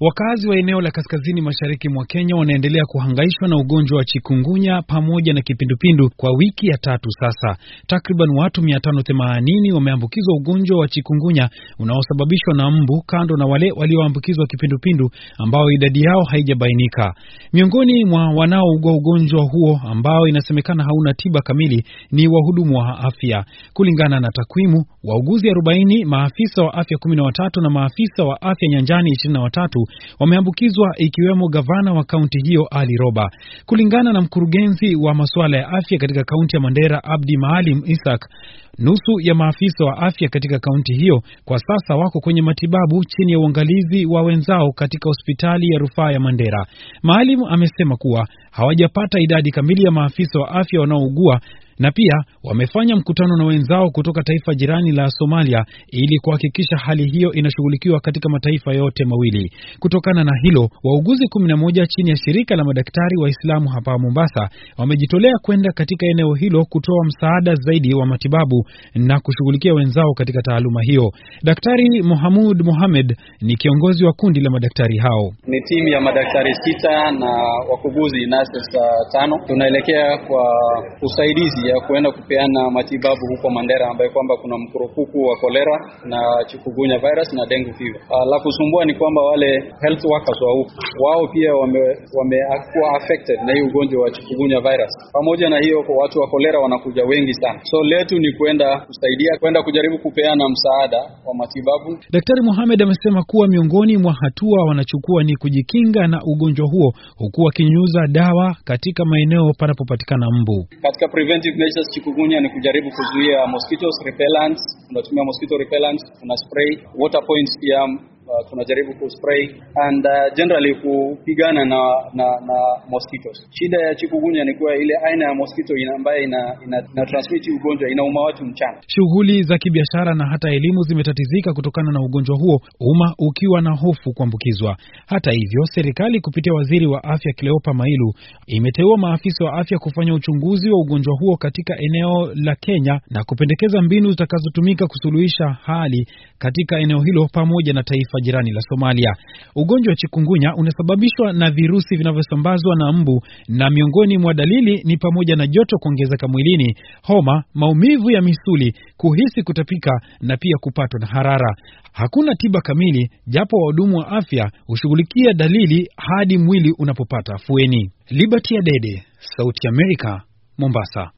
Wakazi wa eneo la kaskazini mashariki mwa Kenya wanaendelea kuhangaishwa na ugonjwa wa chikungunya pamoja na kipindupindu kwa wiki ya tatu sasa. Takriban watu 580 wameambukizwa ugonjwa wa chikungunya unaosababishwa na mbu, kando na wale walioambukizwa kipindupindu ambao idadi yao haijabainika. Miongoni mwa wanaougua ugonjwa huo ambao inasemekana hauna tiba kamili ni wahudumu wa afya. Kulingana na takwimu, wauguzi 40, maafisa wa afya 13 na maafisa wa afya nyanjani 23 wameambukizwa ikiwemo gavana wa kaunti hiyo Ali Roba. Kulingana na mkurugenzi wa masuala ya afya katika kaunti ya Mandera Abdi Maalim Isak, nusu ya maafisa wa afya katika kaunti hiyo kwa sasa wako kwenye matibabu chini ya uangalizi wa wenzao katika hospitali ya rufaa ya Mandera. Maalim amesema kuwa hawajapata idadi kamili ya maafisa wa afya wanaougua na pia wamefanya mkutano na wenzao kutoka taifa jirani la Somalia ili kuhakikisha hali hiyo inashughulikiwa katika mataifa yote mawili. Kutokana na hilo, wauguzi kumi na moja chini ya shirika la madaktari Waislamu hapa Mombasa wamejitolea kwenda katika eneo hilo kutoa msaada zaidi wa matibabu na kushughulikia wenzao katika taaluma hiyo. Daktari Mohamud Mohamed ni kiongozi wa kundi la madaktari hao. Ni timu ya madaktari sita na wakuguzi nurses uh, tano, tunaelekea kwa usaidizi ya kuenda kupeana matibabu huko Mandera, ambaye kwamba kuna mkurupuku wa kolera na chikungunya virus na dengue fever. Ah, la kusumbua ni kwamba wale health workers wa huko wao pia wamekuwa wame affected na hii ugonjwa wa chikungunya virus. Pamoja na hiyo, kwa watu wa kolera wanakuja wengi sana, so letu ni kwenda kusaidia, kwenda kujaribu kupeana msaada wa matibabu. Daktari Mohamed amesema kuwa miongoni mwa hatua wanachukua ni kujikinga na ugonjwa huo, huku wakinyuza dawa katika maeneo panapopatikana mbu. Katika preventive measures chikungunya ni kujaribu kuzuia mosquitoes repellents. Tunatumia mosquito repellents, tuna spray water points pia Uh, tunajaribu tunajaribu spray and uh, generally kupigana na, na na mosquitoes. Shida ya chikungunya ni kuwa ile aina ya mosquito ambayo ina, ina, ina transmit ugonjwa inauma watu mchana. Shughuli za kibiashara na hata elimu zimetatizika kutokana na ugonjwa huo, umma ukiwa na hofu kuambukizwa. Hata hivyo, serikali kupitia waziri wa afya Cleopa Mailu imeteua maafisa wa afya kufanya uchunguzi wa ugonjwa huo katika eneo la Kenya na kupendekeza mbinu zitakazotumika kusuluhisha hali katika eneo hilo pamoja na taifa jirani la Somalia. Ugonjwa wa chikungunya unasababishwa na virusi vinavyosambazwa na mbu, na miongoni mwa dalili ni pamoja na joto kuongezeka mwilini, homa, maumivu ya misuli, kuhisi kutapika na pia kupatwa na harara. Hakuna tiba kamili, japo wahudumu wa afya hushughulikia dalili hadi mwili unapopata afueni. Liberty Adede, Sauti america Mombasa.